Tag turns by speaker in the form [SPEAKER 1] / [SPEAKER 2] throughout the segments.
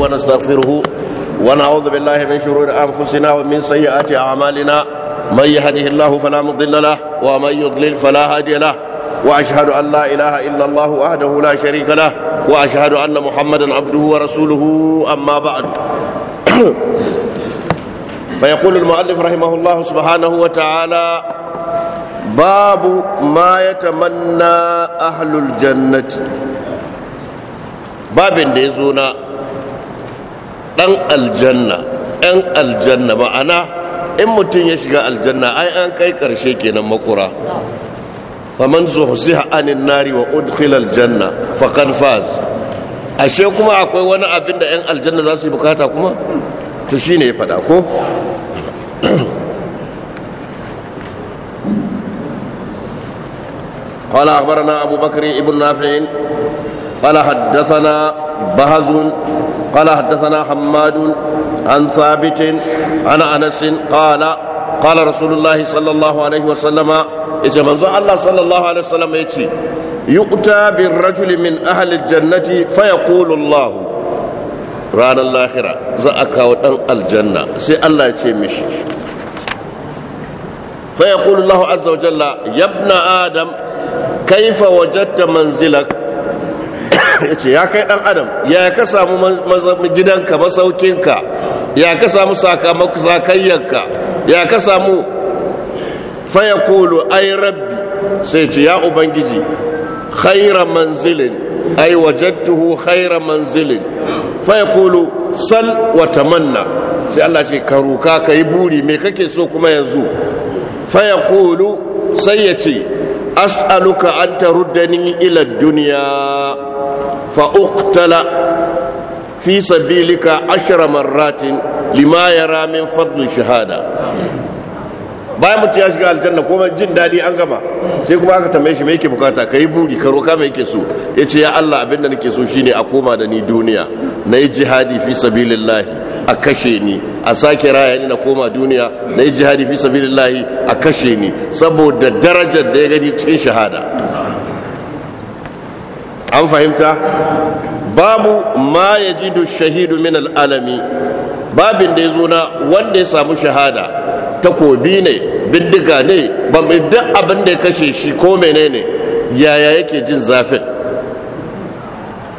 [SPEAKER 1] ونستغفره ونعوذ بالله من شرور أنفسنا ومن سيئات أعمالنا من يهده الله فلا مضل له ومن يضلل فلا هادي له وأشهد أن لا إله إلا الله وحده لا شريك له وأشهد أن محمدا عبده ورسوله أما بعد فيقول المؤلف رحمه الله سبحانه وتعالى باب ما يتمنى أهل الجنة باب da dan aljanna yan aljanna ma'ana in mutum ya shiga aljanna ai an kai karshe kenan makura faman zuhziha anin nari wa udkhila aljanna faqad faz ashe kuma akwai wani abin da yan aljanna za su yi bukata kuma to shine ya fada ko قال أخبرنا أبو بكر ابن نافع قال حدثنا بهز قال حدثنا حماد عن ثابت عن انس قال قال رسول الله صلى الله عليه وسلم إذا منزو الله صلى الله عليه وسلم يتي يؤتى بالرجل من أهل الجنة فيقول الله ران الآخرة زأكا ودن الجنة سي الله يتي مشي فيقول الله عز وجل يا ابن آدم كيف وجدت منزلك ya ce ya kai dan adam ya ka samu gidanka masaukinka ya ka samu sakayyanka ya ka samu faya kolo ai rabbi sai ce ya ubangiji khaira manzilin ai wajattuhu khaira manzilin faya kolo sal wa tamanna sai allah ce ka roka ka yi buri me kake so kuma yanzu faya kolo sai ya ce as'aluka an ni ila duniya فأقتل في سبيلك عشر مرات لما يرى من فضل الشهادة bayan mutum ya shiga aljanna ko jin daɗi an gama sai kuma aka tambaye shi me yake bukata ka yi buri ka roka me yake so ya ce ya Allah abin da nake so shine a koma da ni duniya na yi jihadi fi sabilillahi a kashe ni a sake raya ni na koma duniya na yi jihadi fi sabilillahi a kashe ni saboda darajar da ya gani cikin shahada an fahimta babu ma ya ji shahidu min al'alami babin da ya zo na wanda ya samu shahada takobi ne bindiga ne bambam duk abin da ya kashe shi ko menene yaya yake jin zafin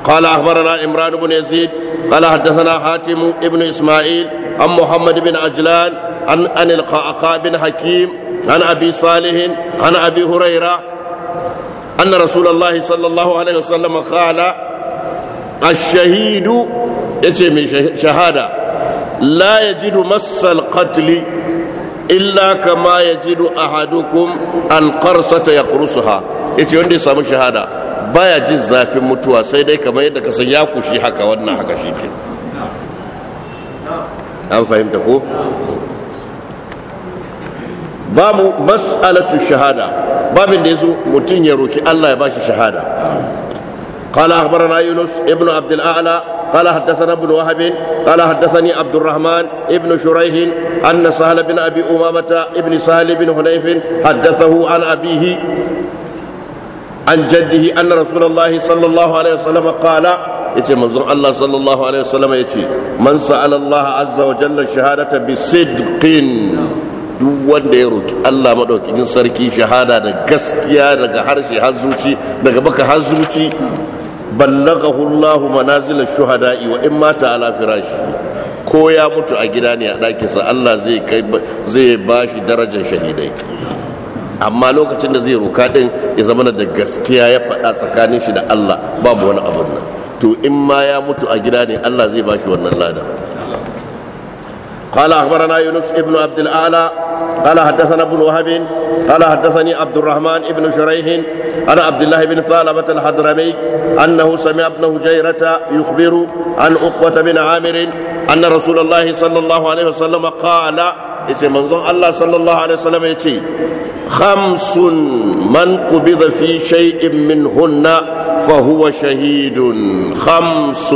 [SPEAKER 1] قال أخبرنا إمران بن يزيد قال حدثنا حاتم ابن إسماعيل عن محمد بن عجلان عن عن القعقاع بن حكيم عن أبي صالح عن أبي هريرة أن رسول الله صلى الله عليه وسلم قال الشهيد يتم شهادة لا يجد مس القتل إلا كما يجد أحدكم القرصة يقرصها yace wanda ya samu shahada baya jin zafin mutuwa sai dai kamar yadda ka san ya kushi haka wannan haka an fahimta ko babu mas'alatu shahada babin da yazo mutun ya roki Allah ya bashi shahada قال أخبرنا يونس ابن عبد الأعلى قال حدثنا ابن وهب قال حدثني عبد الرحمن ابن شريح أن سهل بن أبي أمامة ابن سهل بن حنيف حدثه عن أبيه عن جده أن رسول الله صلى الله عليه وسلم قال يتي منظر الله صلى الله عليه وسلم يتي من سأل الله عز وجل الشهادة بصدق duk wanda ya roki Allah maɗaukakin sarki shahada da gaskiya daga harshe har daga baka har zuci hullahu Allah manazil ash-shuhada'i wa mata ala firashi ko ya mutu a gida ne a ɗakinsa Allah zai kai zai bashi darajar shahidai amma lokacin da zai roka din ya zama da gaskiya ya faɗa tsakanin shi da Allah babu wani abu nan to in ma ya mutu a gida ne Allah zai bashi wannan ladan قال أخبرنا يونس ابن عبد الأعلى قال حدثنا ابن وهب قال حدثني عبد الرحمن بن شريح عن عبد الله بن ثعلبة الحضرمي أنه سمع ابن هجيرة يخبر عن عقبة بن عامر أن رسول الله صلى الله عليه وسلم قال اسم الله صلى الله عليه وسلم يتي خمس من قبض في شيء منهن فهو شهيد خمس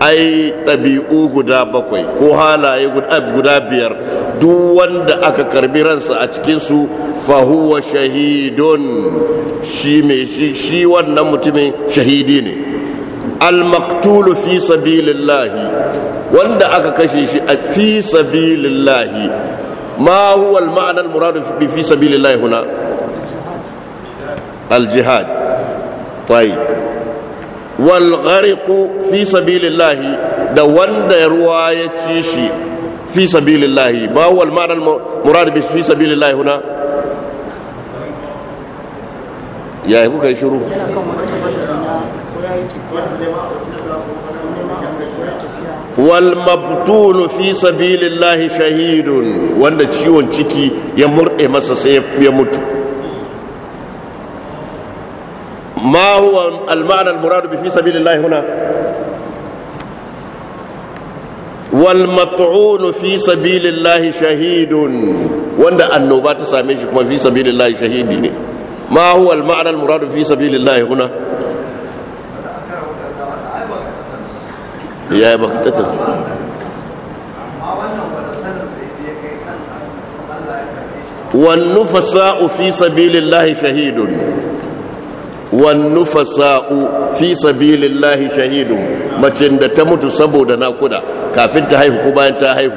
[SPEAKER 1] ai ɗabi'u guda bakwai ko halaye guda biyar duk wanda aka karbi ransa a cikinsu fahuwa shahidun shi mai shi wannan mutumin shahidi ne almaktulu fi sabilillahi wanda aka kashe shi a fi sabilillahi ma huwa ma'anar muradu fi sabilillahi huna al-jihad wal ghariqu fi sabilillahi da wanda ruwa ya ci shi fi sabilillahi ba wal ma'ana murad bi fi sabilillahi huna ya yi kuka yi shiru walmabtunu fi sabilillahi shahidun wanda ciwon ciki ya murɗe masa sai ya mutu ما هو المعنى المراد في سبيل الله هنا والمطعون في سبيل الله شهيد وند النوبات ساميش كما في سبيل الله شهيد ما هو المعنى المراد في سبيل الله هنا يا بكتتل والنفساء في سبيل الله شهيد wannufasa’u fi sabilin lahi shahidun macin da ta mutu saboda nakuda kafin ta haihu ko bayan ta haihu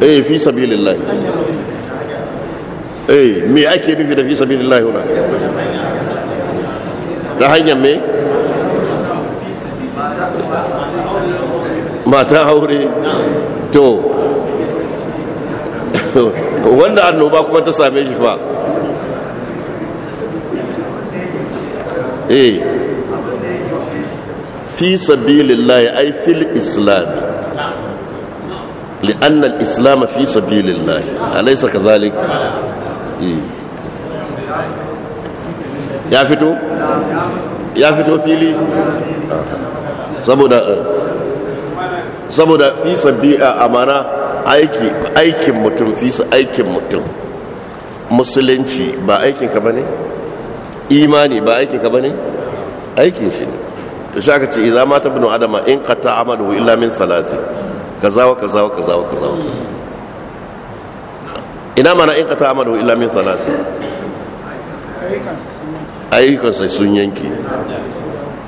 [SPEAKER 1] eh fi sabilin lahi eh me ake nufi da fi sabilin lahi wuna da hanyar me mata haure to wanda annoba kuma ta same shi fa eh fi sabilillahi ay fil islam لأن الإسلام في سبيل الله أليس كذلك؟ إيه. ya fito ya fito fili saboda eh. saboda fi sabi'a amana aiki aikin mutum fi sa aikin mutum musulunci ba aikin ka bane ne imani ba aikin ka bane aikin shi ne da shi aka ce idza mata ibnu adama in qata amalu illa min salati kaza wa kaza wa kaza wa kaza wa ina mana in qata amalu illa min salati ayyukan sai sun yanke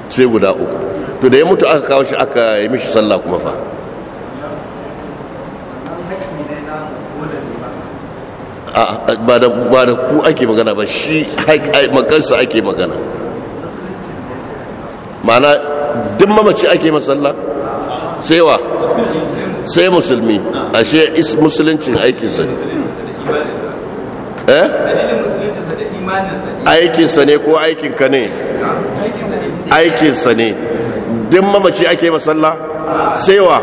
[SPEAKER 1] sai guda uku to da ya mutu aka kawo shi aka yi mishi sallah kuma fa ba da ku ake magana ba shi makansa ake magana mana duk mamaci ake masalla sai wa sai musulmi ashe is musulunci aikinsa ne eh aikinsa ne ko aikinka ne aikinsa ne duk mamaci ake masalla sai wa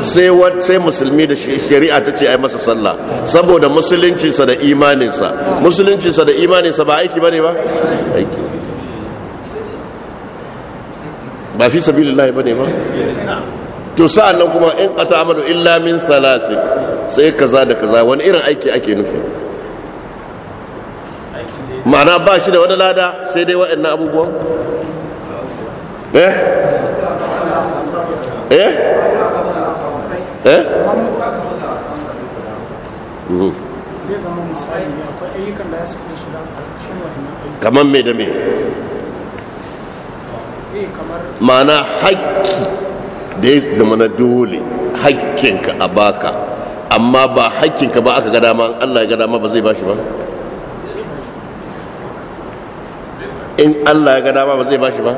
[SPEAKER 1] sai musulmi da shari'a ta ce ai masa sallah saboda musuluncinsa da imaninsa musuluncinsa da imaninsa ba aiki ba ne ba aiki ba fi sabi lullahi ba ne ba? to sa'an nan kuma in qata amadu illa min thalathi sai kaza da kaza wani irin aiki ake nufi ma'ana ba shi da wani lada sai dai waɗannan abubuwan eh eh eh kamar me da mai ma'ana haƙƙi da ya zama na dole haƙƙinka a baka amma ba haƙƙinka ba aka gada ma allah ya gada ma ba zai bashi ba in allah ya gada ma ba zai bashi ba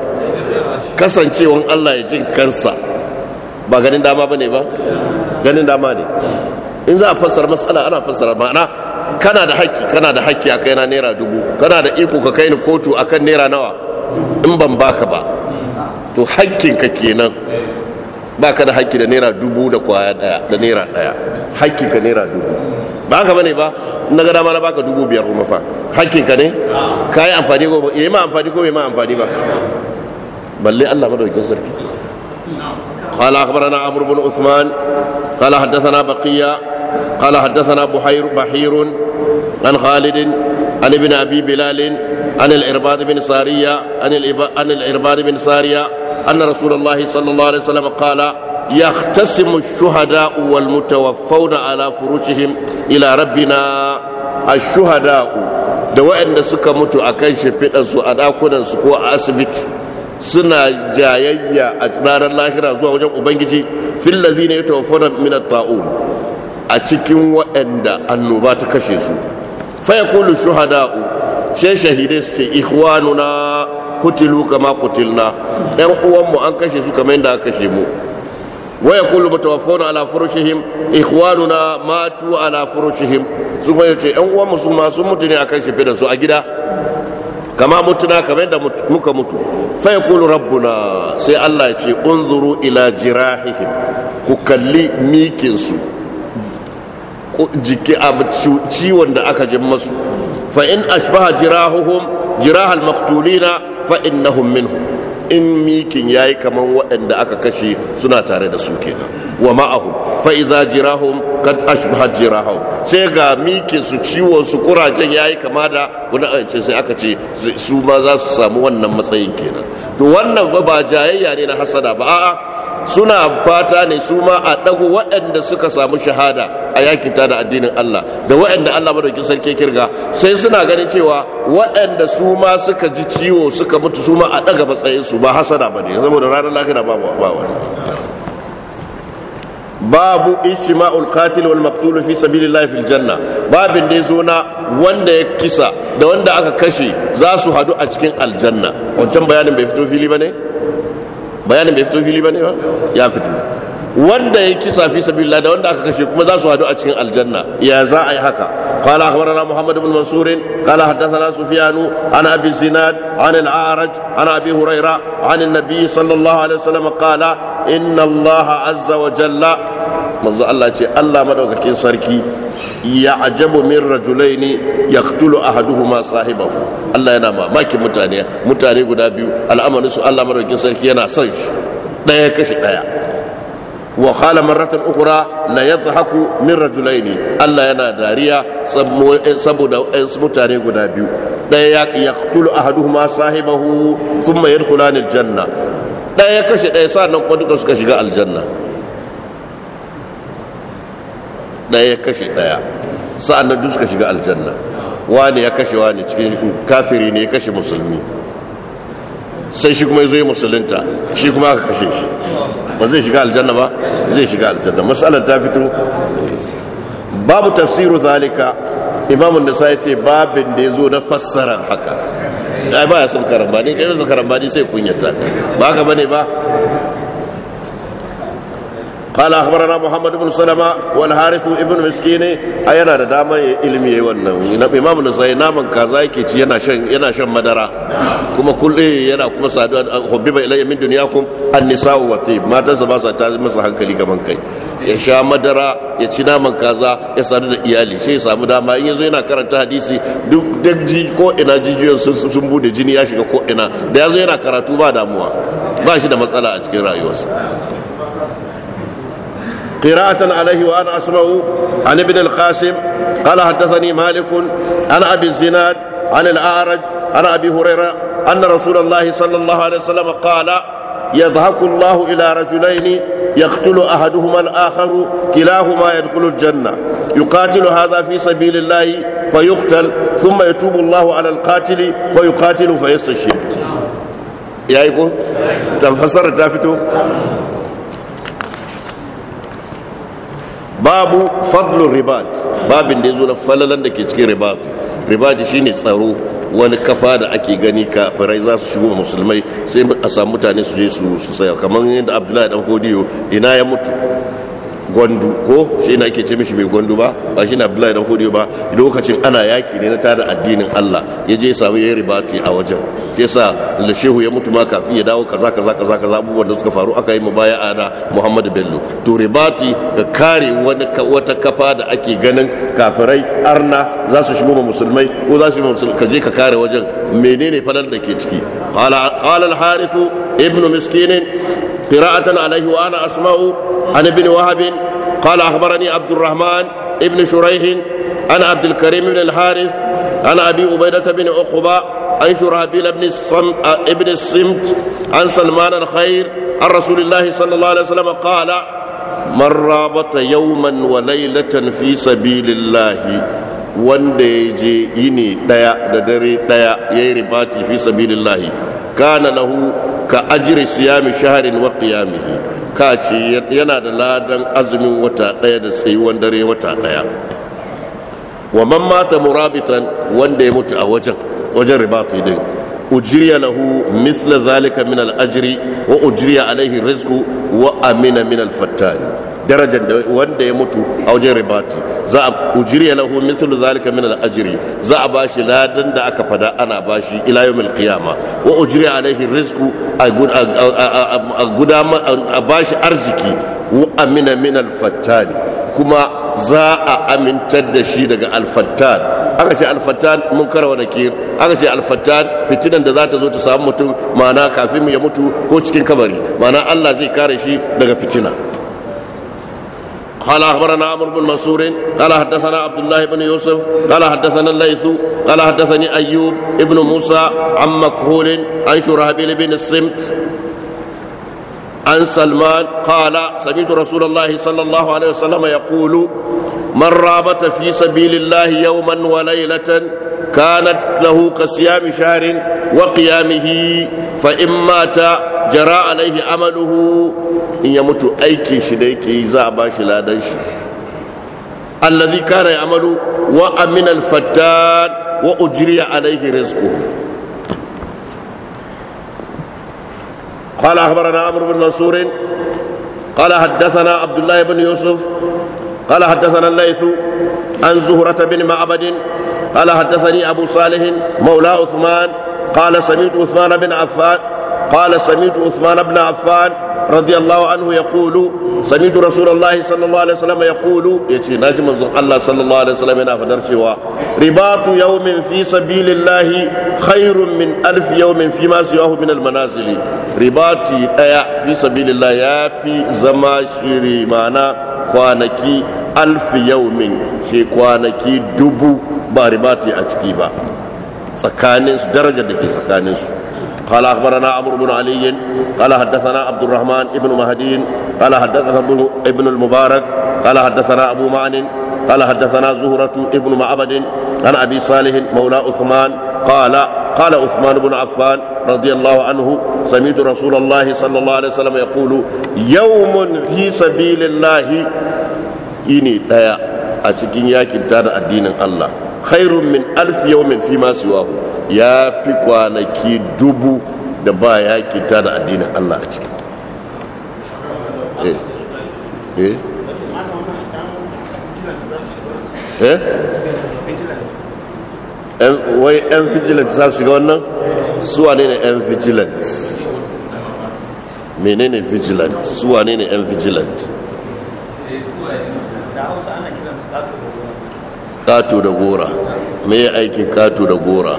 [SPEAKER 1] kasancewan allah ya jin kansa ba ganin dama ba ne ba ganin dama ne in za a fassara matsala ana fassara ma'ana kana da haƙƙi kana da haƙƙi a kai na naira dubu kana da iko ka kai ni kotu a kan naira nawa in ban baka ba to haƙƙinka kenan ka da haƙƙi da naira dubu da kwaya ɗaya da naira ɗaya haƙƙinka naira dubu ba haka bane ba na ga dama na baka dubu biyar kuma fa haƙƙinka ne ka yi amfani ko ya yi ma amfani ko bai ma amfani ba balle allah madaukin sarki قال أخبرنا عمرو بن عثمان قال حدثنا بقية قال حدثنا بحير بحير عن خالد عن ابن أبي بلال عن العرباد بن سارية عن, الإب... عن العرباد بن سارية أن رسول الله صلى الله عليه وسلم قال يختسم الشهداء والمتوفون على فروشهم إلى ربنا الشهداء da waɗanda suka mutu a kan shimfiɗansu a ɗakunansu ko a asibiti suna jayayya a ranar lahira zuwa wajen ubangiji fillazi ne ya tawafona minat ta'un a cikin waɗanda annoba ta kashe su faya kulu shuhada'u sai shahide su ce ikhwanuna kutilu kama kutilna ɗan uwanmu an kashe su kamar yadda aka kashe mu waya kulu mutawaffawna ala furushihim ikhwanuna matu ala furushihim su kuma ce ɗan uwanmu su ma sun mutu ne akan da su a gida kama mutuna kamar da muka mutu fa yaqulu rabbuna sai Allah ya ce unzuru ila jirahihim ku kalli mikin su jiki a ciwon da aka ji masu fa in ashbaha jirahuhum jirahal maqtulina fa innahum minhum in mikin yayi kaman waɗanda aka kashe suna tare da su kenan wa ma'ahum fa'iza jirahum kan ashbaha sai ga su ciwon su kurajen yi kama da wani ce sai aka ce su ma za su samu wannan matsayin kenan to wannan ba jayayya ne na hasada ba a'a suna fata ne su ma a ɗagu waɗanda suka samu shahada a yakin da addinin Allah da waɗanda Allah madaukin sarki kirga sai suna ganin cewa waɗanda su ma suka ji ciwo suka mutu su ma a daga matsayin su ba hasada ne saboda ranar lafiya ba ba wani babu ijtima'ul qatil wal maqtul fi sabilillahi fil janna babin da yazo na wanda ya kisa da wanda aka kashe za su hadu a cikin aljanna wancan bayanin bai fito fili bane bayanin bai fito fili bane ba ya fito wanda ya kisa fi sabilillah da wanda aka kashe kuma za su hadu a cikin aljanna ya za a yi haka qala akhbarana muhammad ibn mansur qala hadathana sufyan an abi zinad an al-a'raj an abi hurayra an an-nabi sallallahu alaihi wasallam qala inna allaha azza wa manzo Allah ce Allah madaukakin sarki ya ajabu min rajulaini yaqtulu ahaduhuma sahibahu Allah yana mamakin mutane mutane guda biyu al'amarin su Allah madaukakin sarki yana son shi daya kashi daya wa qala marratan ukhra la yadhaku min rajulaini Allah yana dariya saboda ɗayan mutane guda biyu daya yaqtulu ahaduhuma sahibahu thumma yadkhulani aljanna daya kashi daya sannan kuma duka suka shiga aljanna ɗaya ya kashe ɗaya sa'an nan duska shiga aljanna wani ya kashe wani cikin kafiri ne ya kashe musulmi sai shi kuma ya zo ya musulunta shi kuma aka kashe shi ba zai shiga aljanna ba zai shiga aljanna matsalar ta fito babu tafsiru zalika imamun nisa ya ce babin da ya zo na fassara haka ya ba ya sun karambani kai masa karambani sai kunyata ba haka bane ba قال اخبرنا محمد بن سلمة والحارث ابن مسكين yana da dama ya ilimi ya wannan imam nasai naman kaza yake ci yana shan yana shan madara kuma kulle yana kuma saduwa hubbiba ilayya min dunyakum an-nisa'u wa tib matan ba sa ta masa hankali kaman kai ya sha madara ya ci naman kaza ya sadu da iyali sai ya samu dama in yazo yana karanta hadisi duk duk ko ina jijiyoyin sun bude jini ya shiga ko ina da yazo yana karatu ba damuwa ba shi da matsala a cikin rayuwarsa قراءة عليه وأنا أسمعه عن ابن القاسم قال حدثني مالك عن أبي الزناد عن الأعرج عن أبي هريرة أن رسول الله صلى الله عليه وسلم قال يضحك الله إلى رجلين يقتل أحدهما الآخر كلاهما يدخل الجنة يقاتل هذا في سبيل الله فيقتل ثم يتوب الله على القاتل فيقاتل فيستشهد يا يكون تفسر تافتو babu fadlun ribat babin da ya zo na falalan da ke cikin ribat ribat shi ne tsaro wani kafa da ake gani farai za su shigo musulmai sai a samu mutane su je su saya kamar yadda abdullahi dan fodiyo ina ya mutu gwandu ko shi na ake ce mishi mai gwandu ba ba shi na abdullahi dan hudu ba lokacin ana yaki ne na tada addinin allah ya je samu ya ribati a wajen ke sa da shehu ya mutu ma kafin ya dawo kaza kaza kaza kaza abubuwan da suka faru aka yi mu baya ana muhammadu bello to ribati ka kare wani wata kafa da ake ganin kafirai arna za su shigo ma musulmai ko za su musulmai ka je ka kare wajen menene fadar da ke ciki qala al-harithu ابن مسكين قراءة عليه وأنا أسمع عن ابن وهب قال أخبرني عبد الرحمن ابن شريح عن عبد الكريم بن الحارث عن أبي عبيدة بن عقبة عن شرهبيل بن الصم ابن الصمت عن سلمان الخير عن رسول الله صلى الله عليه وسلم قال من رابط يوما وليلة في سبيل الله wanda ya je yini daya da dare daya ya yi ribati fi sabilillahi kana lahu ka ajiri siyami shaharin wa qiyamihi ka ce yana da ladan azumin wata daya da tsayuwan dare wata daya wa man mata murabitan wanda ya mutu a wajen wajen ribati din ujriya lahu misla zalika min al ajri wa ujriya alaihi rizqu wa amina min al fattani darajar da wanda ya mutu a wajen ribati za a ujriya lahu mithlu zalika min al-ajri za a bashi ladan da aka fada ana bashi ila yawmil qiyama wa ujri alaihi rizqu a gudama a bashi arziki wa amina min al-fattan kuma za a amintar da shi daga al-fattan aka ce al-fattan munkar wa nakir aka ce al-fattan fitinan da za ta zo ta samu mutum ma'ana kafin ya mutu ko cikin kabari ma'ana Allah zai kare shi daga fitina قال اخبرنا عمرو بن منصور قال حدثنا عبد الله بن يوسف قال حدثنا الليث قال حدثني ايوب ابن موسى عن مكهول عن شرهبيل بن الصمت عن سلمان قال سمعت رسول الله صلى الله عليه وسلم يقول من رابط في سبيل الله يوما وليله كانت له كصيام شهر وقيامه فان مات جرى عليه عمله in ya mutu aikin shi da yake yi za a ba shi ladan shi allazi kana ya'malu wa amina al-fattan wa ujriya alayhi rizquhu قال اخبرنا عمرو بن منصور قال حدثنا عبد الله بن يوسف قال حدثنا الليث عن زهرة بن معبد قال حدثني أبو صالح مولى عثمان قال سمعت عثمان بن عفان قال سمعت عثمان بن عفان رضي الله عنه يقول سمعت رسول الله صلى الله عليه وسلم يقول يتي ناجي منزل الله صلى الله عليه وسلم ينا فدر شوا رباط يوم في سبيل الله خير من ألف يوم فيما سواه من المنازل رباط أيا في سبيل الله يا في زماشيري معنا kwanaki alfi yaumin ce kwanaki dubu ba ribati a ciki ba tsakaninsu darajar da ke tsakaninsu قال اخبرنا عمرو بن علي قال حدثنا عبد الرحمن بن مهدين قال حدثنا ابن المبارك قال حدثنا ابو معن قال حدثنا زهرة ابن معبد عن ابي صالح مولى عثمان قال قال عثمان بن عفان رضي الله عنه سمعت رسول الله صلى الله عليه وسلم يقول يوم في سبيل الله ini daya a cikin yakin tada addinin Allah khairun min alf yawmin fi ma siwahu ya fi kwanaki dubu da ba yaki ta da addinin Allah a ciki eh eh eh wai yan vigilant za su shiga wannan suwa ne ne yan vigilant menene vigilant suwa ne ne yan vigilant
[SPEAKER 2] kato da gora me yi aikin kato da gora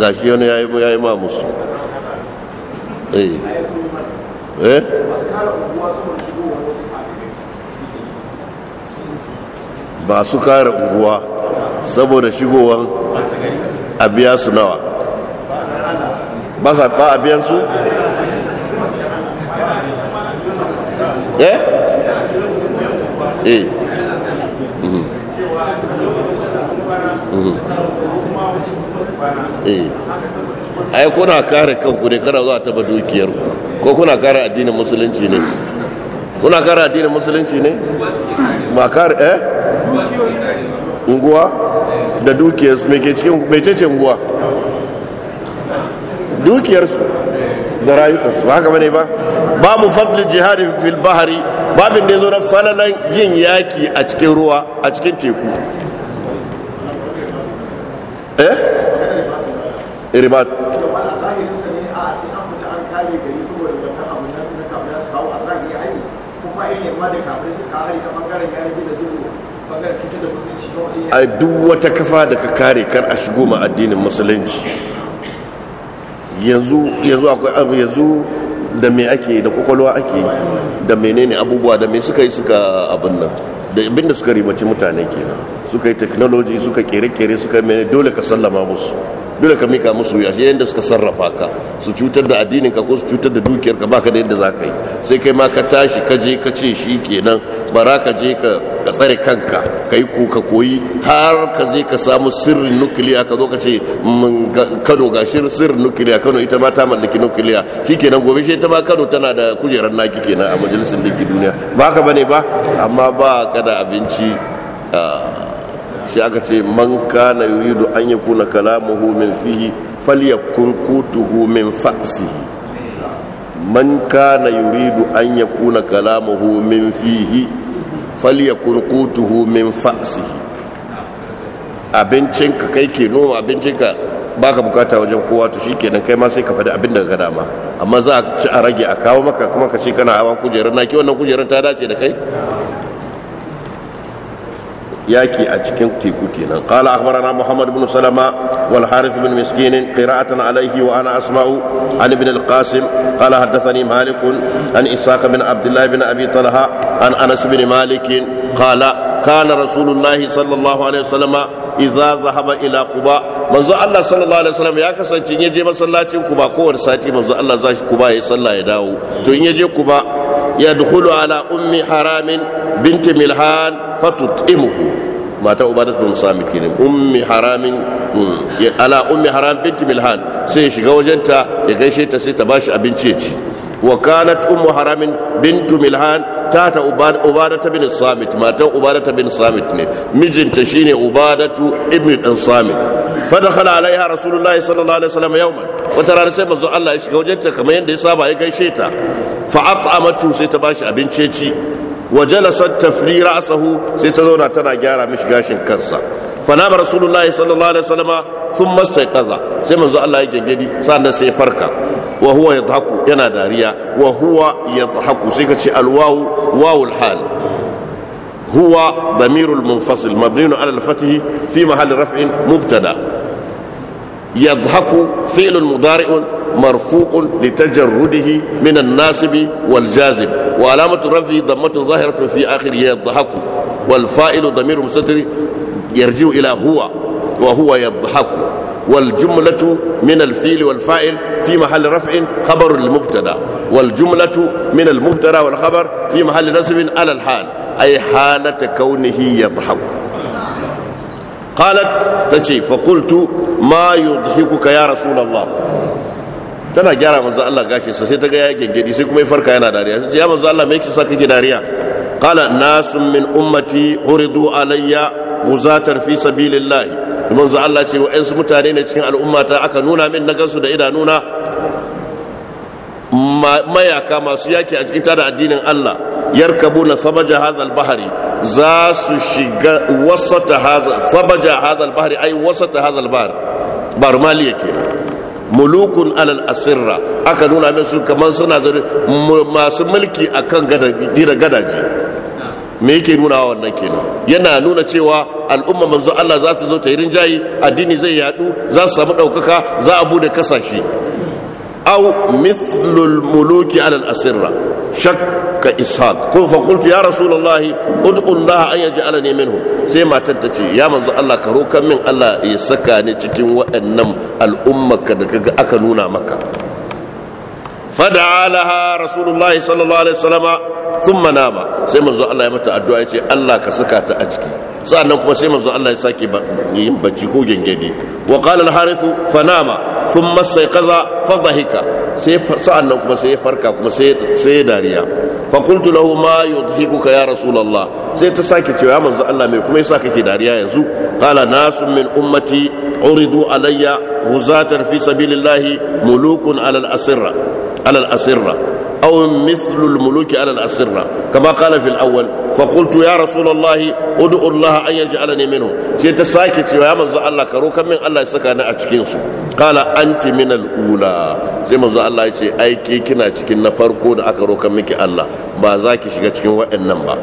[SPEAKER 1] ga shi yana ya yi ma musu eh eh ba su kare unguwa saboda shigowar a biya su nawa ba a biyan su eh Eh. Mm-hmm. Mm-hmm. Eh. ai kuna kare kanku ne kana zuwa taba dukiyar ko kuna kare addinin musulunci ne kuna kare addinin musulunci ne ba kare eh unguwa da dukiyar su meke cikin mecece unguwa dukiyar su da rayukansu ba haka bane ba babu fadl jihad fil bahri babin da ya zo na falalan yin yaki a cikin ruwa a cikin teku eh ribat a duk wata kafa da ka kare kar a shigo ma addinin musulunci yanzu yanzu akwai abu yanzu da me ake da kwakwalwa ake da menene abubuwa da me suka yi suka abin nan da abin da suka ribaci mutane kenan suka yi technology suka kere-kere suka yi dole ka sallama musu dole ka mika musu wuya shi yadda suka sarrafa ka su cutar da addinin ka ko su cutar da dukiyar ka baka da yadda za ka yi sai kai ma ka tashi ka je ka ce shi kenan bara ka je ka tsare kanka ka yi ka koyi har ka je ka samu sirrin nukiliya ka zo ka ce mm, kano ga sirrin nukiliya kano ita ma ta mallaki nukiliya shi kenan gobe shi ta ma kano tana da kujerar naki kenan a majalisar dinki duniya ba ka bane ba amma ba ka da abinci ah, shi aka ce man kana yuridu an kuna kalamuhu min fihi falyakun qutuhu min fa'sihi man kana yuridu an kuna kalamuhu min fihi falyakun qutuhu min fa'sihi abincinka kai ke noma abincinka ka bukata wajen kowa to shikenan kai ma sai ka faɗi abin da ka dama amma za a ci a rage a kawo maka kuma ka ce kana hawa kujerar naki wannan kujerar ta dace da kai yaki a cikin teku kenan qala akhbarana muhammad ibn salama wal harith ibn miskin qira'atan alayhi wa ana asma'u an ibn al qasim qala malik an bin abdullah bin abi talha an anas bin malik qala كان رسول الله صلى الله عليه وسلم إذا ذهب إلى قباء منذ الله صلى الله عليه وسلم يا كسان يجي مسلاتين قباء ساتي الله زاش قباء يداو قباء yadkhulu ala ummi haram bint milhan fatutimuhu mata ubadat bin samit kin ummi haram hmm, ala ummi haram bint milhan sai shiga wajenta ya gaishe ta sai ta bashi abinci ya ci وكانت أم حرام بنت ملهان تاتا عبادة بن الصامت ماتا عبادة بن الصامت مجن تشيني عبادة ابن الصامت فدخل عليها رسول الله صلى الله عليه وسلم يوما وترى رسول الله يشكى وجدت كما يندي صابا يكي شيتا فأطعمته سيتباش أبن شيتي وجلست تفري رأسه سيتزونا ترى جارة مش قاشن كرسا فنام رسول الله صلى الله عليه وسلم ثم استيقظ سيما الله يجي جدي سانا سيفركا wa huwa yadhaku yana dariya wa huwa yadhaku sai ka ce alwawu wawul hal huwa damirul munfasil mabnin ala al fi mahall raf'in mubtada yadhaku fi'l mudari' مرفوع لتجرده من الناسب والجازم وعلامة رفعه ضمة ظاهرة في آخره يضحك والفائل ضمير مستتر يرجع إلى هو وهو يضحك والجملة من الفيل والفاعل في محل رفع خبر المبتدا والجملة من المبتدا والخبر في محل نصب على الحال أي حالة كونه يضحك قالت تشي فقلت ما يضحكك يا رسول الله tana gyara manzo Allah gashi sa sai ta ga ya gengedi sai kuma ya farka yana dariya sai ya manzo Allah me yake sa kake dariya qala nasun min ummati uridu alayya guzatan fi sabilillah manzo Allah ce wa'ansu mutane ne cikin al'ummata aka nuna min na su da idanuna mayaka masu yaki a cikin tada addinin Allah yarkabu na sabaja hazal bahari za su shiga wasata hazal sabaja hazal bahari ai wasata hazal bahari bar mali yake mulukun alal asirra aka nuna min su kamar suna masu mulki akan gadaji me yake nuna wa wannan kenan yana nuna cewa al'umma manzo Allah za su zo ta yi rinjayi addini zai yadu za su samu ɗaukaka za a bude kasashe au mithlul muluki al asirra shakka ishaq ko fa qultu ya rasulullahi ud'u Allah an yaj'alani minhu sai matar ta ce ya manzo Allah ka rokan min Allah ya saka ni cikin waɗannan ka da kaga aka nuna maka fada laha rasulullahi sallallahu alaihi wasallama thumma nama sai manzo Allah ya mata addu'a ya ce Allah ka saka ta a ciki sa'annan kuma sai manzo Allah ya sake yin bacci ko gengedi wa qala al-harith fa nama thumma sayqadha fa dhahika sai sa'annan kuma sai ya farka kuma sai sai dariya fa qultu lahu ma yudhikuka ya rasulullah sai ta sake cewa manzo Allah mai kuma yasa kake dariya yanzu qala nasun min ummati uridu alayya ghuzatan fi sabilillahi mulukun alal asirra alal asirra أو مثل الملوك على الأسرة كما قال في الأول فقلت يا رسول الله ادعو الله أن يجعلني منه شيء تساكت يا مزا الله كروكا من الله يسكى أتشكينسو قال أنت من الأولى sai manzo Allah ya ce ai kina cikin na farko da aka roka miki Allah ba za ki shiga cikin waɗannan ba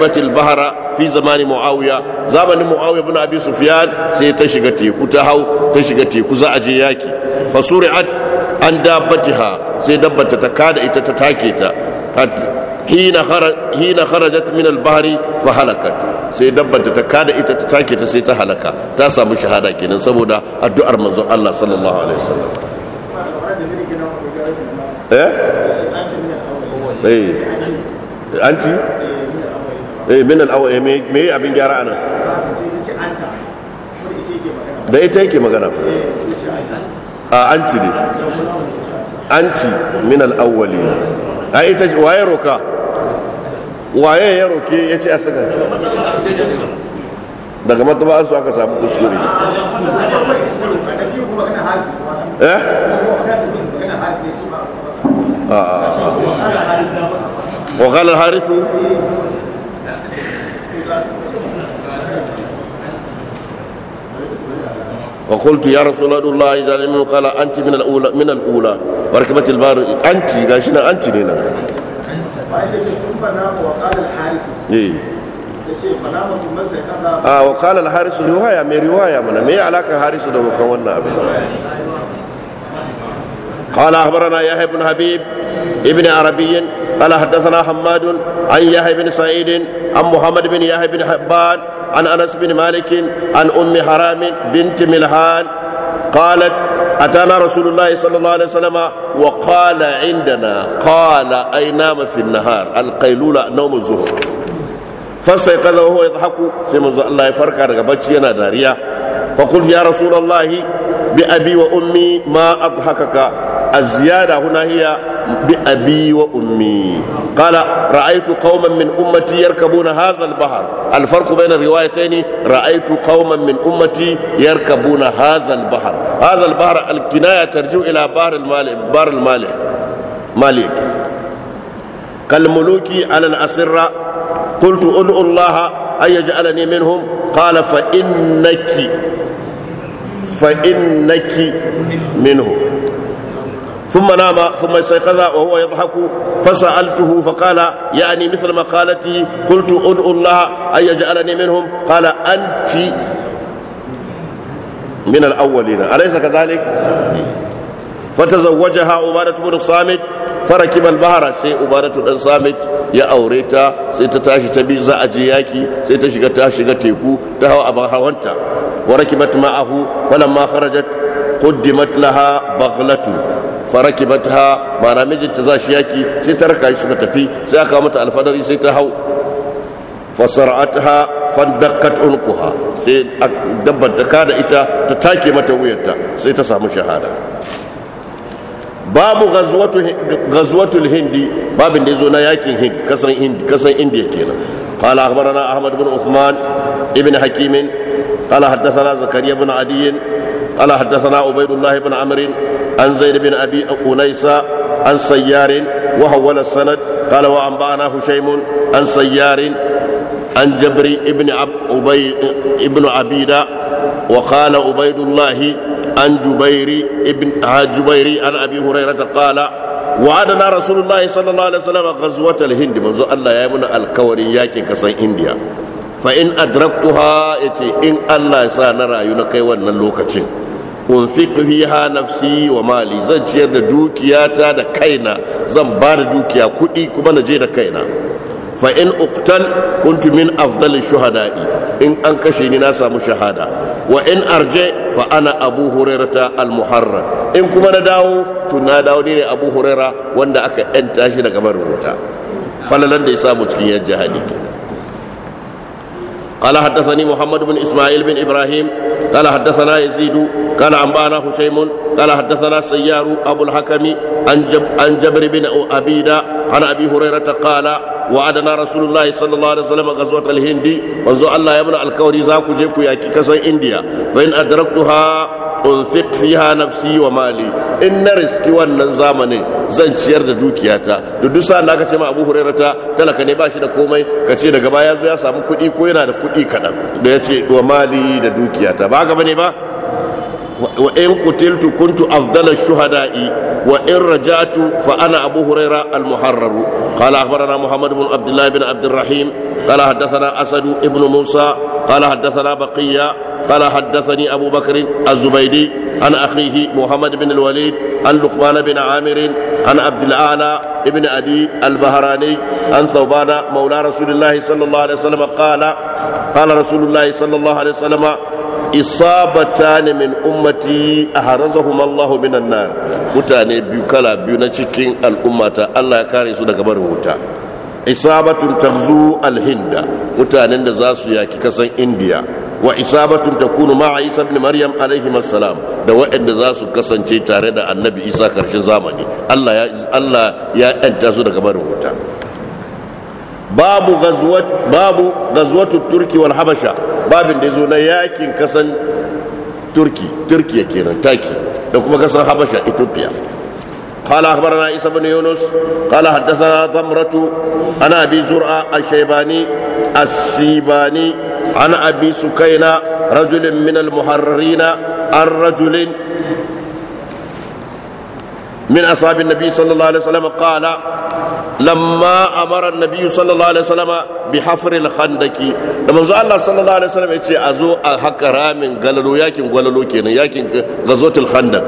[SPEAKER 1] batil bahara fi zamani muawiya zamanin muawiya ibn abi sufyan sai ta shiga teku ta hau ta shiga teku za a je yaki fasuri'at an dabbatiha sai dabbata ta kada ita ta take ta hina kharajat min al-bahri fa halakat sai dabbata ta kada ita ta take ta sai ta halaka ta samu shahada kenan saboda addu'ar manzon Allah sallallahu alaihi wasallam eh eh anti eh min al-awwal eh, me abin gyara anan da ita yake magana fa a anti ne anti min al'awali a ita waye roka waye ya roke ya ce a daga matuwa su aka samu kuskure eh وقلت يا رسول الله إذا لم قال أنت من الأولى من الأولى وركبت البار أنت قاشنا أنت لنا إيه. آه، وقال الحارس إيه a wa kala al-harisu riwaya mai riwaya قال اخبرنا يحيى بن حبيب ابن عربي قال حدثنا حماد عن يحيى بن سعيد عن محمد بن يحيى بن حبان عن انس بن مالك عن ام حرام بنت ملحان قالت اتانا رسول الله صلى الله عليه وسلم وقال عندنا قال اي نام في النهار القيلوله نوم الظهر فاستيقظ وهو يضحك سيما الله يفرق على بچي انا داريا فقلت يا رسول الله بأبي وأمي ما أضحكك الزيادة هنا هي بأبي وأمي قال رأيت قوما من أمتي يركبون هذا البحر الفرق بين الروايتين رأيت قوما من أمتي يركبون هذا البحر هذا البحر الكناية ترجع إلى بحر المالك بحر المالك مالك كالملوك على الأسرة قلت ادعو الله أن يجعلني منهم قال فإنك فإنك منهم ثم نام ثم استيقظ وهو يضحك فسألته فقال يعني مثل ما قالت قلت أدعو الله أن يجعلني منهم قال أنت من الأولين أليس كذلك فتزوجها عبادة بن الصامت فركب البحر سي عبادة بن الصامت يا أوريتا سي تتاشي تبي زا أجياكي سي تشيغا تاشيغا تيكو تهو أبا هونتا وركبت معه فلما خرجت qaddimat laha baghlatu farakibatha ma'ana mijinta za yaki sai ta raka shi suka tafi sai aka mata alfadari sai ta hau fasar'atha fandakkat unquha sai dabbar ta kada ita ta take mata wuyarta sai ta samu shahada babu ghazwatul hindi babin da yazo na yakin hind kasan hindi kasan indiya kenan qala akhbarana ahmad bin uthman ibn hakim qala hadathana zakariya bin adi قال حدثنا عبيد الله بن عمرو عن زيد بن ابي انيس عن سيار وحول السند قال وانبانا هشيم عن سيار عن جبر ابن عب عبيد ابن عبيده وقال عبيد الله عن جبير ابن عن جبير عن ابي هريره قال وعدنا رسول الله صلى الله عليه وسلم غزوه الهند منذ الله يمنع من الكوري ياكي كسان انديا فإن أدركتها إتي إن الله سانا رأينا كي ونلوكتين unfiq fiha nafsi wa mali zan ciyar da dukiyata da kaina zan ba da dukiya kudi kuma na je da kaina fa in uqtal kuntu min afdal shuhada'i in an kashe ni na samu shahada wa in arje fa ana abu hurairata al muharrar in kuma na dawo to na dawo ne abu huraira wanda aka yanta shi daga marubuta falalan da ya samu cikin yajjahadi kenan قال حدثني محمد بن اسماعيل بن ابراهيم قال حدثنا يزيد قال انبانا هشيم قال حدثنا سيار ابو الحكم عن عن جبر بن ابيدا عن ابي هريره قال وعدنا رسول الله صلى الله عليه وسلم غزوه الهند وانزو الله يبلغ الكوري زاكو جيكو يا كسان انديا فان ادركتها unfiq fiha nafsi wa mali in na riski wannan zamanin zan ciyar da dukiyata da duk sa na kace ce ma Abu Hurairah ta talaka ne bashi da komai ka ce daga baya zo ya samu kuɗi ko yana da kuɗi kaɗan da ya ce wa mali da dukiyata ba haka bane ba wa in qutiltu kuntu afdala shuhada'i wa in raja'tu fa ana abu huraira al-muharrar qala akhbarana muhammad ibn abdullah ibn abd qala hadathana asad ibn musa qala hadathana baqiya قال حدثني أبو بكر الزبيدي عن أخيه محمد بن الوليد عن لقمان بن عامر عن عبد الأعلى بن أبي البهراني عن ثوبان مولى رسول الله صلى الله عليه وسلم قال قال رسول الله صلى الله عليه وسلم isabatan min ummati ahrazahum Allah minan nar mutane biyu kala biyu na cikin al'ummata Allah ya kare su daga barin wuta isabatun tagzu alhinda mutanen da za su yaki kasan indiya wa isabatun kunu ma'a isa bin maryam alaihi masalam da waɗanda za su kasance tare da annabi isa karshen zamani allah ya su daga barin wuta babu gazuwatu turki wal habasha babin da zo na yakin kasan turki turkiya kenan taki da kuma kasan habasha ethiopia قال أخبرنا عيسى بن يونس قال حدثنا ضمرة عن أبي زرعة الشيباني السيباني عن أبي سكينة رجل من المحررين عن رجل من أصحاب النبي صلى الله عليه وسلم قال لما أمر النبي صلى الله عليه وسلم بحفر الخندق لما زال الله صلى الله عليه وسلم يتي أزو أحكرا من قللو ياكين قللو كين ياكين غزوة الخندق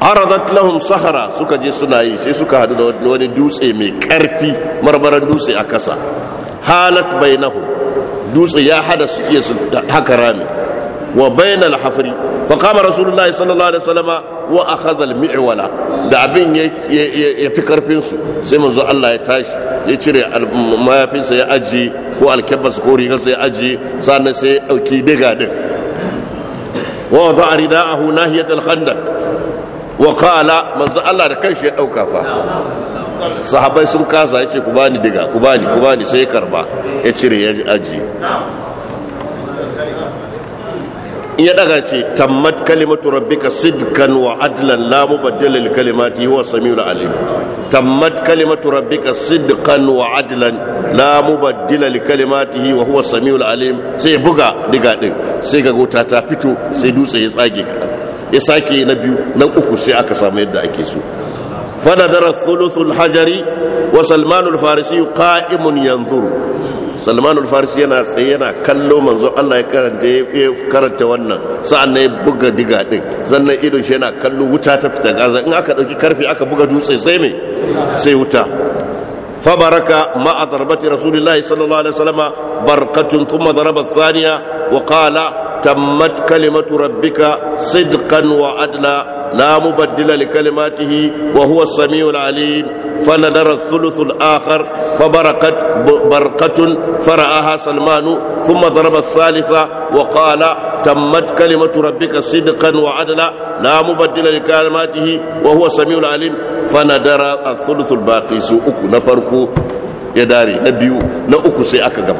[SPEAKER 1] aradat lahum sahara suka je suna yi sai suka hadu da wani dutse mai karfi marmaran dutse a kasa halat bainahu dutse ya hada su iya su haka rami wa bainal hafri fa qama rasulullahi sallallahu alaihi wasallama wa akhadha al mi'wala da abin ya fi karfin su sai manzo Allah ya tashi ya cire mayafinsa ya aji ko alkabas ko rigarsa ya aji sannan sai ya dauki diga din wa wada'a rida'ahu nahiyat al khandaq waƙala manzan Allah da kanshi ya ɗauka fa sahabai sun kasa ce ku bani diga ku bani ku bani sai karba ya cire ya aji in ya daga ce tammat kalimatu rabbika sidkan wa adlan la mubaddala yi kalimati huwa samiul alim tammat kalimatu rabbika sidkan wa adlan la mubaddila li yi wa huwa samiul alim sai buga diga din sai ga gota ta fito sai dutse ya tsage ka. ya sake na biyu na uku sai aka samu yadda ake so فنظر الثلث الحجري وسلمان yana tsaye yana kallo manzo Allah ya karanta ya karanta wannan sa'an buga diga din sannan idon shi yana kallo wuta ta fita gaza in aka dauki karfi aka buga dutse sai me sai wuta فبرك مع ضربة رسول الله صلى الله عليه وسلم برقة ثم ضرب الثانية وقال تمت كلمة ربك صدقا وعدلا لا مبدل لكلماته وهو السميع العليم فنذر الثلث الآخر فبرقت برقة فرآها سلمان ثم ضرب الثالثة وقال تمت كلمة ربك صدقا وعدلا لا مبدل لكلماته وهو السميع العليم فنذر الثلث الباقي سوء نفركو يداري نبيو نأكو سيأك قبل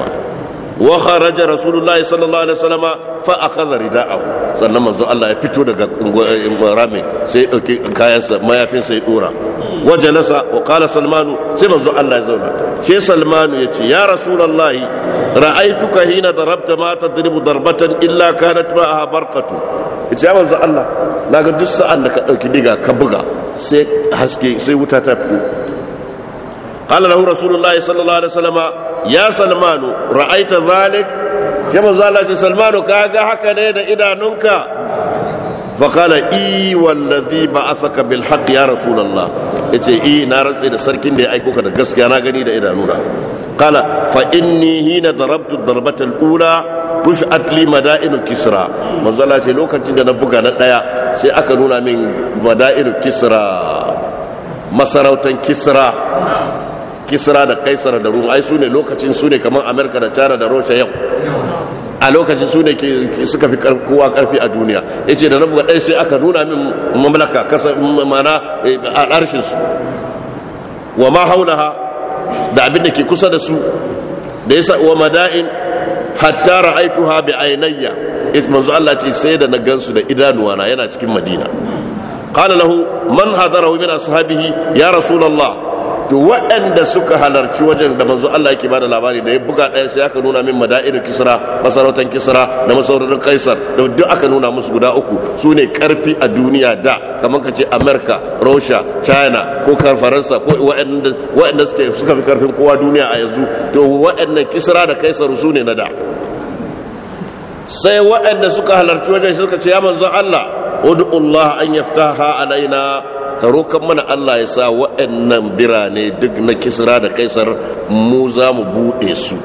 [SPEAKER 1] wa kharaja rasulullahi sallallahu alaihi wasallam fa akhadha rida'ahu sannan manzo Allah ya fito daga eh, rami sai dauke dauki kayansa mayafin sai dora wa jalasa wa qala salman sai manzo Allah ya zauna sai salman ya ce ya rasulullahi ra'aituka hina darabta ma tadribu darbatan illa kanat ma'aha barqatu yace ya manzo Allah naga duk sa'an da ka dauki diga ka buga sai haske sai wuta ta fito qala lahu rasulullahi sallallahu alaihi wasallam ya salmanu ra'aita zalik sai manzo Allah ce salmanu kaga haka ne da idanunka fa qala i wallazi ba'athaka bil haqq ya rasulullah yace i na rantsi da sarkin da ya aiko ka da gaskiya na gani da idanuna qala fa inni hina darabtu darbata al-ula pushat li mada'in kisra manzo ce lokacin da na buga na ɗaya sai aka nuna min mada'in kisra masarautan kisra kisra da kaisar da rum ai su ne lokacin su ne kamar amerika da china da russia yau a lokacin su ne suka fi kowa karfi a duniya ya ce da na buga ɗai sai aka nuna min mamlaka kasa mana eh, a harshen su wa ma haunaha da abin da ke kusa da su da yasa wa mada'in hatta ra'aituha bi ainayya ita manzo Allah ce sai da na gansu da idanuwana yana cikin madina kala lahu man hadarahu min ashabihi ya rasulallah to waɗanda suka halarci wajen da manzo Allah yake bada labari da ya buga ɗaya sai aka nuna min mada'irin kisra masarautan kisra da masarautar kaisar da duk aka nuna musu guda uku su ne karfi a duniya da kamar ka ce america russia china ko faransa ko waɗanda suka fi karfin kowa duniya a yanzu to waɗannan kisra da kaisar su ne na da sai waɗanda suka halarci wajen suka ce ya manzo Allah ud'u Allah an yaftaha alaina ka rokan mana Allah ya sa waɗannan birane duk na kisra da kaisar mu za mu buɗe su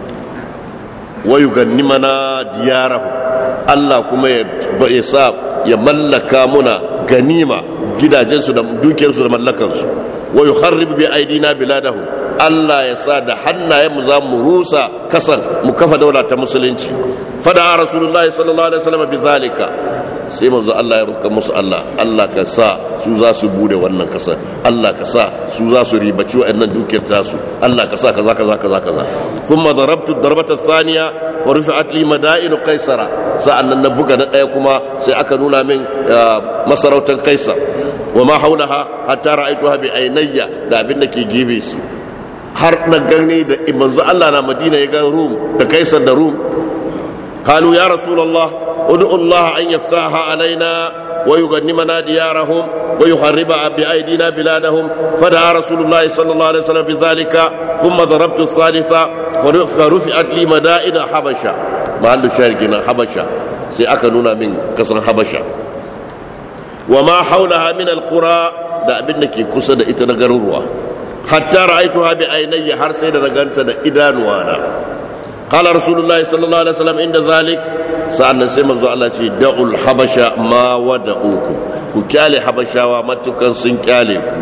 [SPEAKER 1] wayu ganni mana diyarahu Allah kuma ya sa ya mallaka muna ganima gidajensu da dukiyarsu da mallakansu wayu harrib bi aidina biladahu Allah ya sa da hannayenmu za mu rusa kasan mu kafa daula ta musulunci fada rasulullahi sallallahu alaihi wasallam bi zalika sai manzo Allah ya roƙa musu Allah Allah ka sa su za su bude wannan kasa Allah ka sa su za su ribaci wa'annan dukiyar tasu Allah ka sa kaza kaza kaza kaza thumma darabtu darbata thaniya fa rufi'at li madain qaisara sa'annan na buga na daya kuma sai aka nuna min masarautar kaisar wa ma haulaha hatta ra'aituha bi ainayya da abin da ke gibe su har na gani da manzo Allah na Madina ya ga Rum da Kaisar da Rum قالوا يا رسول الله ادعوا الله أن يفتحها علينا ويغنمنا ديارهم ويخرب بأيدينا بلادهم فدعا رسول الله صلى الله عليه وسلم بذلك ثم ضربت الثالثة فرفعت لي مدائن حبشة محل الشاركين حبشة سيأكلون من كسر حبشة وما حولها من القرى da abin da ke kusa da ita na garuruwa hatta ra'aituha bi ainayya har sai da na ganta da idanuwana قال رسول الله صلى الله عليه وسلم عند ذلك سألنا سيما زعلا دعوا الحبشة ما ودعوكم وكالي حبشة ومتكن سنكاليكم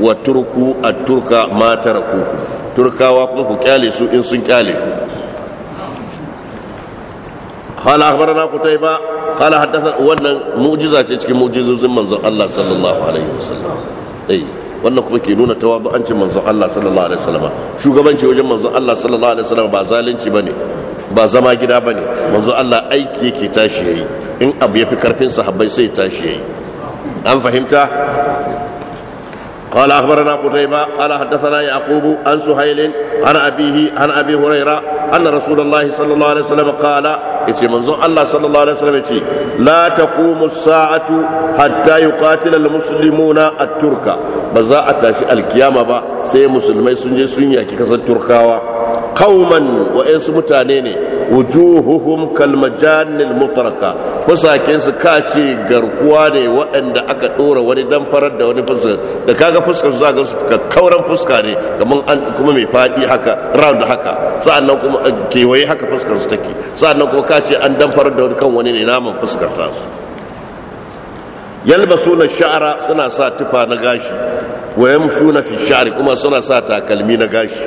[SPEAKER 1] وتركوا الترك ما تركوكم تركا وكم وكالي سوء سنكاليكم قال أخبرنا قتيبة قال حدثنا وانا معجزة تشكي معجزة من الله صلى الله عليه وسلم أي wannan kuma ke nuna tawadu'ancin manzon Allah sallallahu alaihi wasallam shugabanci wajen manzon Allah sallallahu alaihi wasallam ba zalunci bane ba zama gida bane manzon Allah aiki yake tashi yayi in abu yafi karfin sahabbai sai tashi yayi an fahimta قال أخبرنا قتيبة قال حدثنا يعقوب عن سهيل عن أبيه عن أبي هريرة أن رسول الله صلى الله عليه وسلم قال yace manzon Allah sallallahu alaihi wasallam yace la taqumu sa'atu hatta yuqatila musulmuna a turka ba za a tashi alkiyama ba sai musulmai sun je sun yaki kasar turkawa qauman wayansu mutane ne wujuhuhum kalmajanil mutaraka fusakin su kace garkuwa ne waɗanda aka dora wani dan farar da wani fuska da kaga fuskar za ga su kauran fuska ne kaman an kuma mai fadi haka round haka sa'annan kuma kewaye haka fuskar su take sa'annan kuma kace an dan farar da wani kan wani ne naman fuskar ta su yalbasuna sha'ara suna sa tufa na gashi wa na fi sha'ri kuma suna sa takalmi na gashi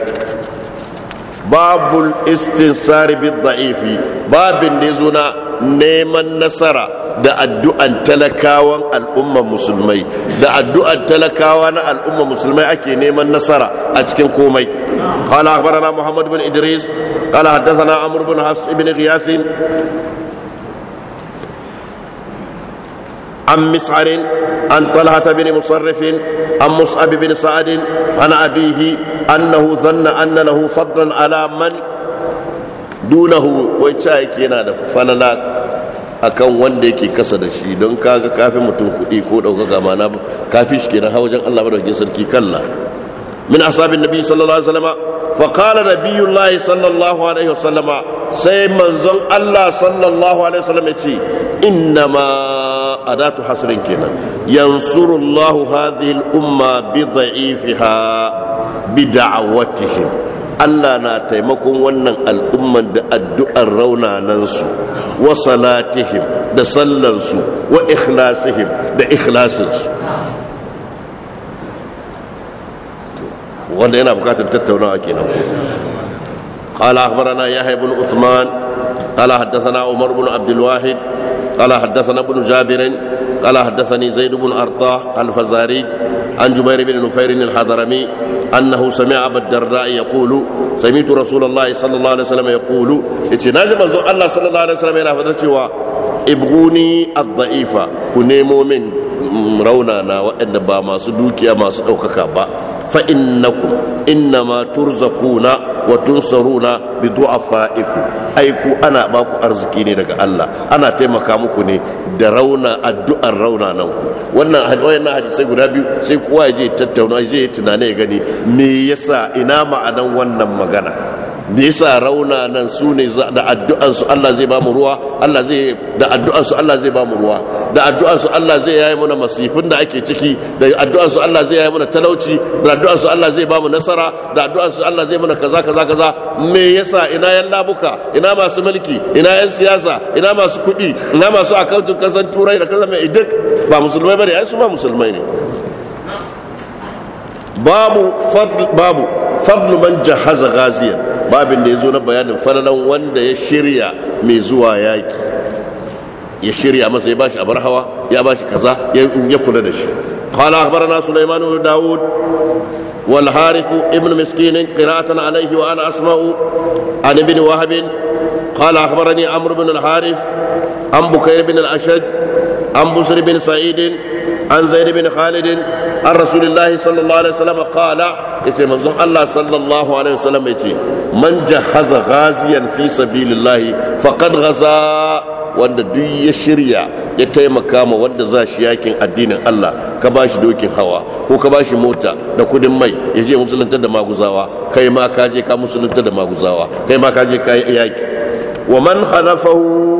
[SPEAKER 1] babul istinsari bi da'ifi babin da zuna neman nasara da addu'an talakawan al'umma musulmai da addu'an talakawa na al'umma musulmai ake neman nasara a cikin komai قال أخبرنا محمد بن إدريس قال حدثنا عمرو بن حفص بن غياث عن مسعر عن طلحة بن مصرف عن مصعب بن سعد عن أبيه أنه ظن أن له فضلا على من dunahu wai cayaki yana da falala akan wanda yake kasa da shi don kaga kafin mutum kuɗi ko ɗaukaka mana kafin shi kenan hawajen Allah madaukakin sarki kalla min asabin nabi sallallahu alaihi wasallama fa qala nabiyullahi sallallahu alaihi wasallama sai manzon Allah sallallahu alaihi wasallama ya ce inna ma أداة حصر كنا ينصر الله هذه Allah na taimakon wannan al'umman da addu'ar raunanansu wa salatihim da sallansu wa ikhlasihim da ikhlasinsu wanda yana bukatar tattaunawa kenan قال أخبرنا يحيى بن عثمان قال حدثنا عمر قال حدثنا ابن جابر قال حدثني زيد بن أرطاه الفزاري عن جبير بن نفير الحضرمي أنه سمع أبا الدرداء يقول سمعت رسول الله صلى الله عليه وسلم يقول اتناجم الله صلى الله عليه وسلم إلى فترة ibguni adda'ifa ku nemo min raunana waɗanda ba masu dukiya masu ɗaukaka ba fa innakum innama turzakuna wa tunsaruna bi du'afaiku aiku ana ba ku arziki ne daga Allah ana taimaka muku ne da rauna addu'ar rauna nan ku wannan sai hadisi guda biyu sai kowa ya je tattauna ya je tunane ya gani me yasa ina ma'anan wannan magana bisa rauna nan su ne da addu'ansu Allah zai ba mu ruwa Allah zai da addu'ansu Allah zai ba mu ruwa da addu'ansu Allah zai yayi mana masifin da ake ciki da addu'ansu Allah zai yayi mana talauci da addu'ansu Allah zai ba mu nasara da addu'ansu Allah zai mana kaza kaza kaza me yasa ina yan labuka ina masu mulki ina yan siyasa ina masu kuɗi ina masu akautun kasan turai da kasan mai duk ba musulmai bane ai su ba musulmai ne babu fadl babu fadl man jahaza ghaziyan babin da ya zo na bayanin falalan wanda ya shirya mai zuwa yaki ya shirya masa ya bashi abar hawa ya bashi kaza ya kula da shi kwallo akbara na suleiman daud walharifu ibn miskinin kiratan alaihi wa ana asma'u an ibn wahabin kwallo akbara ne amur bin alharif an bukayar bin al-ashad عن بسر بن سعيد عن زيد بن خالد عن رسول الله صلى الله عليه وسلم قال الله صلى الله عليه وسلم من جهز غازيا في سبيل الله فقد غزا wanda duk ya shirya ya taimaka ma wanda za shi yakin addinin Allah ka ba shi dokin hawa ko ka ba shi mota da kudin mai ya je musulunta da maguzawa kai ma ka je ka musulunta da maguzawa kai ma ka je ka yaki wa man khalafahu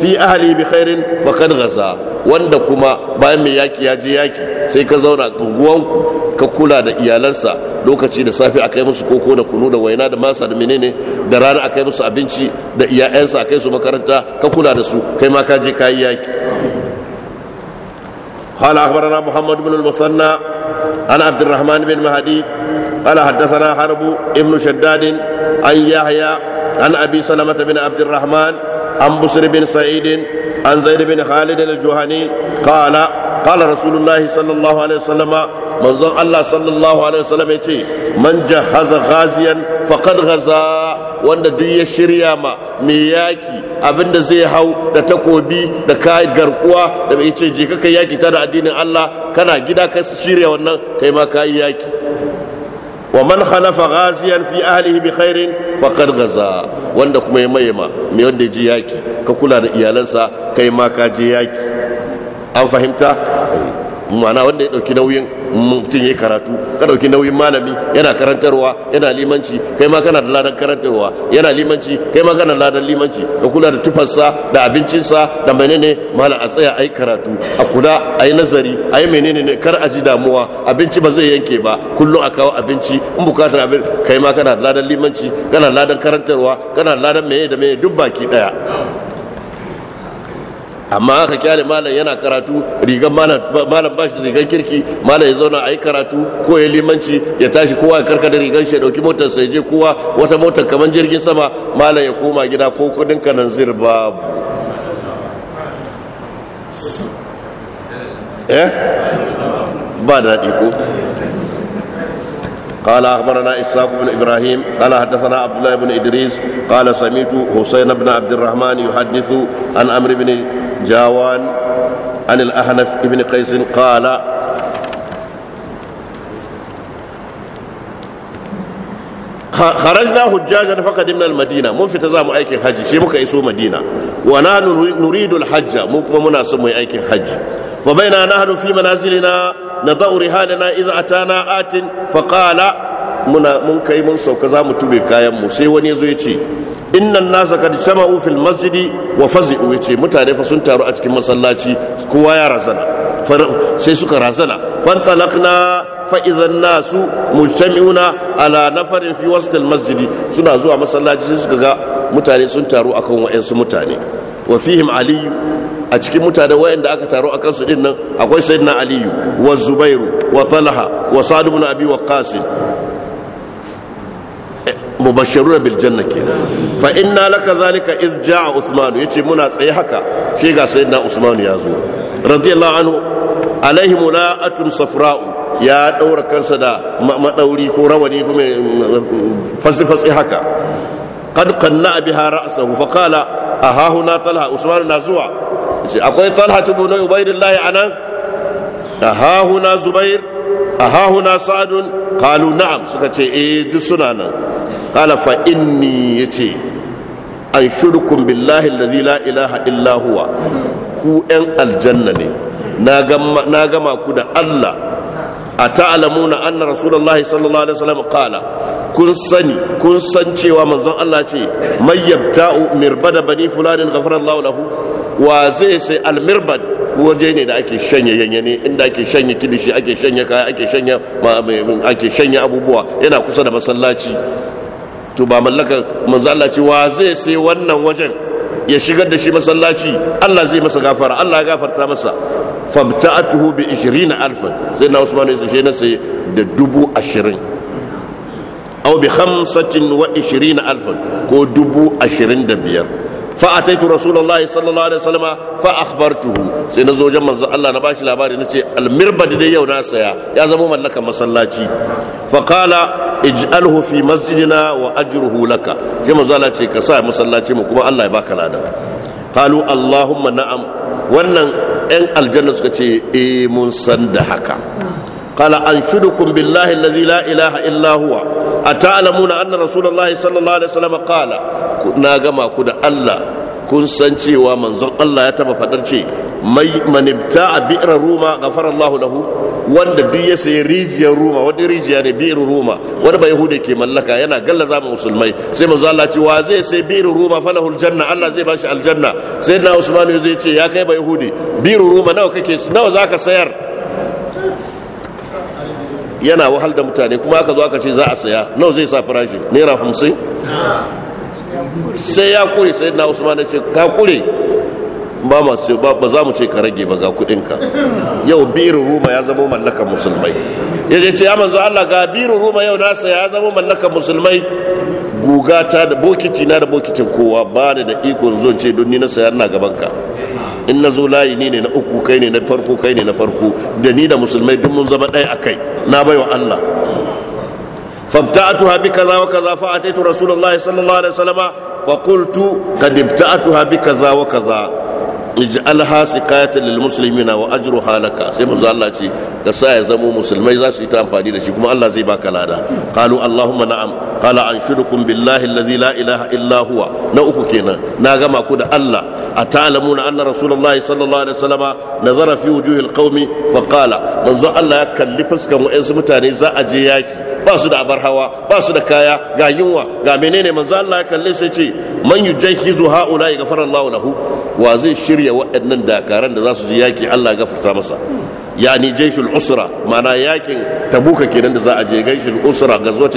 [SPEAKER 1] fi ahli bi khairin faqad ghaza wanda kuma bayan mai yaki ya je yaki sai ka zauna unguwanku ka kula da iyalansa lokaci da safe aka yi musu koko da kunu da waina da masa da menene da rana aka yi musu abinci da iyayensa aka yi su makaranta ka kula da su kai ma ka je ka yi yaki قال اخبرنا محمد بن المثنى عن عبد الرحمن بن مهدي قال حدثنا حرب ابن شداد عن يحيى عن ابي سلمه بن عبد الرحمن عن بسر بن سعيد عن زيد بن خالد الجهني قال قال رسول الله صلى الله عليه وسلم من زن الله صلى الله عليه وسلم يتي من جهز غازيا فقد غزا wanda duk ya shirya ma mai yaki da zai hau da takobi da kayan garkuwa da bai ce je ka yaki ta da addinin Allah kana gida ka shirya wannan kai ma ka yi yaki ومن خلف غازيا في اهله بخير فقد غزا wanda kuma ya mayema mai wanda ji yaki ka kula da iyalansa kai ma ka je yaki an fahimta mana wanda ya dauki nauyin mutum ya karatu ka dauki nauyin malami yana karantarwa yana limanci kai ma kana da ladan karantarwa yana limanci kai ma kana da ladan limanci ka kula da tufarsa da abincinsa da menene malam a tsaya ai karatu a kula ai nazari ai menene ne kar a ji damuwa abinci ba zai yanke ba kullum a kawo abinci in bukatar abin kai ma kana da ladan limanci kana da ladan karantarwa kana da ladan meye da meye duk baki daya amma aka kyale malam yana karatu rigan malam bashi rigan kirki malam ya zauna a yi karatu ko ya limanci ya tashi kowa ya karkada rigan shi ya dauki motar sai je kowa wata motar kamar jirgin sama malam ya koma gida ko kudin kanan zir babu eh ba daɗi ko قال اخبرنا اسحاق بن ابراهيم قال حدثنا عبد الله بن ادريس قال سمعت حسين بن عبد الرحمن يحدث عن عمرو بن جاوان عن الأهنف ابن قيس قال kharajna hujjajan faqadimna madina mun fita zamu aikin hajji shi muka iso madina wa na nuridu alhajja mu kuma muna son mu aikin hajji fa baina nahnu fi manazilina nadau rihalana idza atana atin fa qala mun kai mun sauka zamu tube kayan mu sai wani yazo ya ce innan nasa kad sama ufil masjidi wa uwe ce mutane fa sun taru a cikin masallaci kowa ya razana sai suka razana fantalaqna fa idhan nasu mujtami'una ala nafarin fi wasl masjidi suna zuwa masallaci sai suka ga mutane sun taru akan wayansu mutane wa fihim aliyu a cikin mutane wayanda aka taru a kansu din nan akwai sayyidina aliyu wa zubairu wa talha wa sadu ibn abi mubashiruna bil janna kenan fa inna laka zalika iz ja'a usman yace muna tsaye haka shi ga sayyidina usman ya zo radiyallahu anhu alaihi mula'atun safra'u ya daura kansa da madauri ko rawani ko fasi fasi haka qad qanna biha ra'sahu fa qala aha huna talha usman na zuwa yace akwai talha tubun ubaidillahi anan aha huna zubair aha huna sa'd qalu na'am suka ce eh duk suna nan qala fa inni yace anshurukum billahi allazi la ilaha Illahuwa, ku yan aljanna ne na gama ku da Allah a ta'alamuna anna rasulullahi sallallahu alaihi wasallam qala kun sani kun san cewa manzon Allah ce may yabta'u mirbada bani fulanin ghafara Allah lahu wa zai sai almirbad waje ne da ake shanye yanya ne inda ake shanye kilishi ake shanye kaya ake shanye ake shanya abubuwa yana kusa da masallaci to ba mallakan manzo Allah ce wa zai sai wannan wajen ya shigar da shi masallaci Allah zai masa gafara Allah ya gafarta masa fabta'atuhu bi 20 alfan sai na Usman ya sai na sai da dubu ashirin au bi 25 alfan ko dubu ashirin da biyar Fa'a ataitu rasulullahi sallallahu alaihi wasallam fa akhbartuhu sai na zo wajen manzo Allah na bashi labari nace almirbad dai yau na saya ya zama mallakan masallaci Fakala qala ij'alhu fi wa ajruhu laka sai manzo Allah ce ka masallaci mu kuma Allah ya baka lada qalu allahumma na'am wannan yan aljanna suka ce eh mun san da haka قال أنشدكم بالله الذي لا إله إلا هو أتعلمون أن رسول الله صلى الله عليه وسلم قال كنا كما كنا الله kun san cewa manzon Allah ya taba fadar ce mai manibta a bi'ar ruma gafar Allah lahu wanda duk ya rijiyar ruma wanda rijiya ne bi'ar ruma wanda ba yahuda ke mallaka yana gallaza ma musulmai sai manzon Allah ce wa zai sai bi'ar ruma falahu aljanna Allah zai bashi aljanna sai na Usman zai ce ya kai ba yahudi bi'ar nawa zaka sayar yana wahal da mutane kuma aka zo aka ce za a saya nawa zai sa farashi naira hamsin sai ya kure sai na usman ce ka kure ba masu ba za mu ce ka rage ba ga kudinka yau birin ruma ya zama mallakan musulmai ya je ce ya manzo Allah ga birin ruma yau na saya ya zama mallakan musulmai guga ta da bokiti na da bokitin kowa ba da iko zo ce don ni na saya na gaban ka in na zo layi ne na uku kai ne na farko kai ne na farko da ni da musulmai duk mun zama ɗaya a kai na baiwa Allah فابتعتها بكذا وكذا فأتيت رسول الله صلى الله عليه وسلم فقلت قد ابتعتها بكذا وكذا ij'alha siqatan lil muslimina wa ajruha laka sai manzo Allah ce ka sa ya zamo musulmai za su yi ta amfani da shi kuma Allah zai baka lada qalu allahumma na'am qala anshudukum billahi allazi la ilaha illa huwa na uku kenan na gama ku da Allah a ta'lamuna anna rasulullahi sallallahu alaihi wasallama na zarafi wujuhil qaumi fa qala Allah ya kalli fuskan wayansu mutane za je yaki ba su da abar hawa ba su da kaya ga yunwa ga menene manzo Allah ya kalle sai ce man yujahizu haula ya gafara Allah lahu wa zai shirya waɗannan dakaran da za su je yaki Allah gafarta masa yani jaishul usra mana yakin tabuka kenan da za a je gaishul usra ga zuwa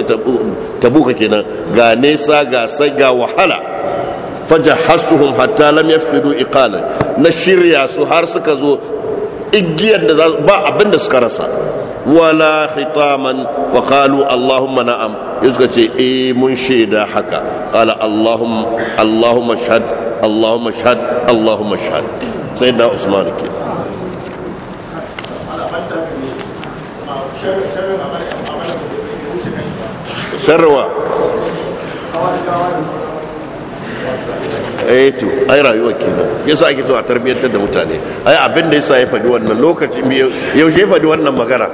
[SPEAKER 1] tabuka kenan ga nesa ga sai ga wahala fajahastuhum hatta lam yafqidu iqala na shirya su har suka zo igiyar da ba abin da suka rasa wala khitaman fa qalu allahumma na'am ce e mun shaida haka qala allahumma shahad allahumma shahad allahumma shahad sayyidina usman ke sarwa eh ai rayuwa kenan yasa ake so a tarbiyyantar da mutane ai abin da yasa ya faɗi wannan lokaci yaushe ya faɗi wannan magana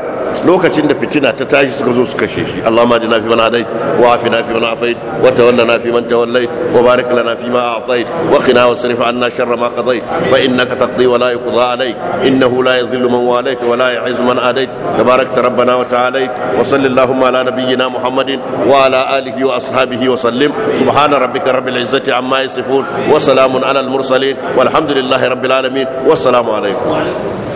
[SPEAKER 1] lokacin da fitina ta tashi suka zo su kashe shi Allah ma dina fi man hadai wa afina fi man afait wa na fi man tawallait wa barik lana fi ma a'tait wa qina wasrif anna sharra ma qadait fa innaka taqdi wa la yuqda alayk innahu la yadhillu man walayt wa la yu'izzu man adait tabarakta rabbana wa ta'alayt wa sallallahu ala nabiyyina muhammadin wa ala alihi wa ashabihi wa sallim subhana rabbika rabbil izzati amma yasifun wa salamun ala al mursalin والحمد لله رب العالمين والسلام عليكم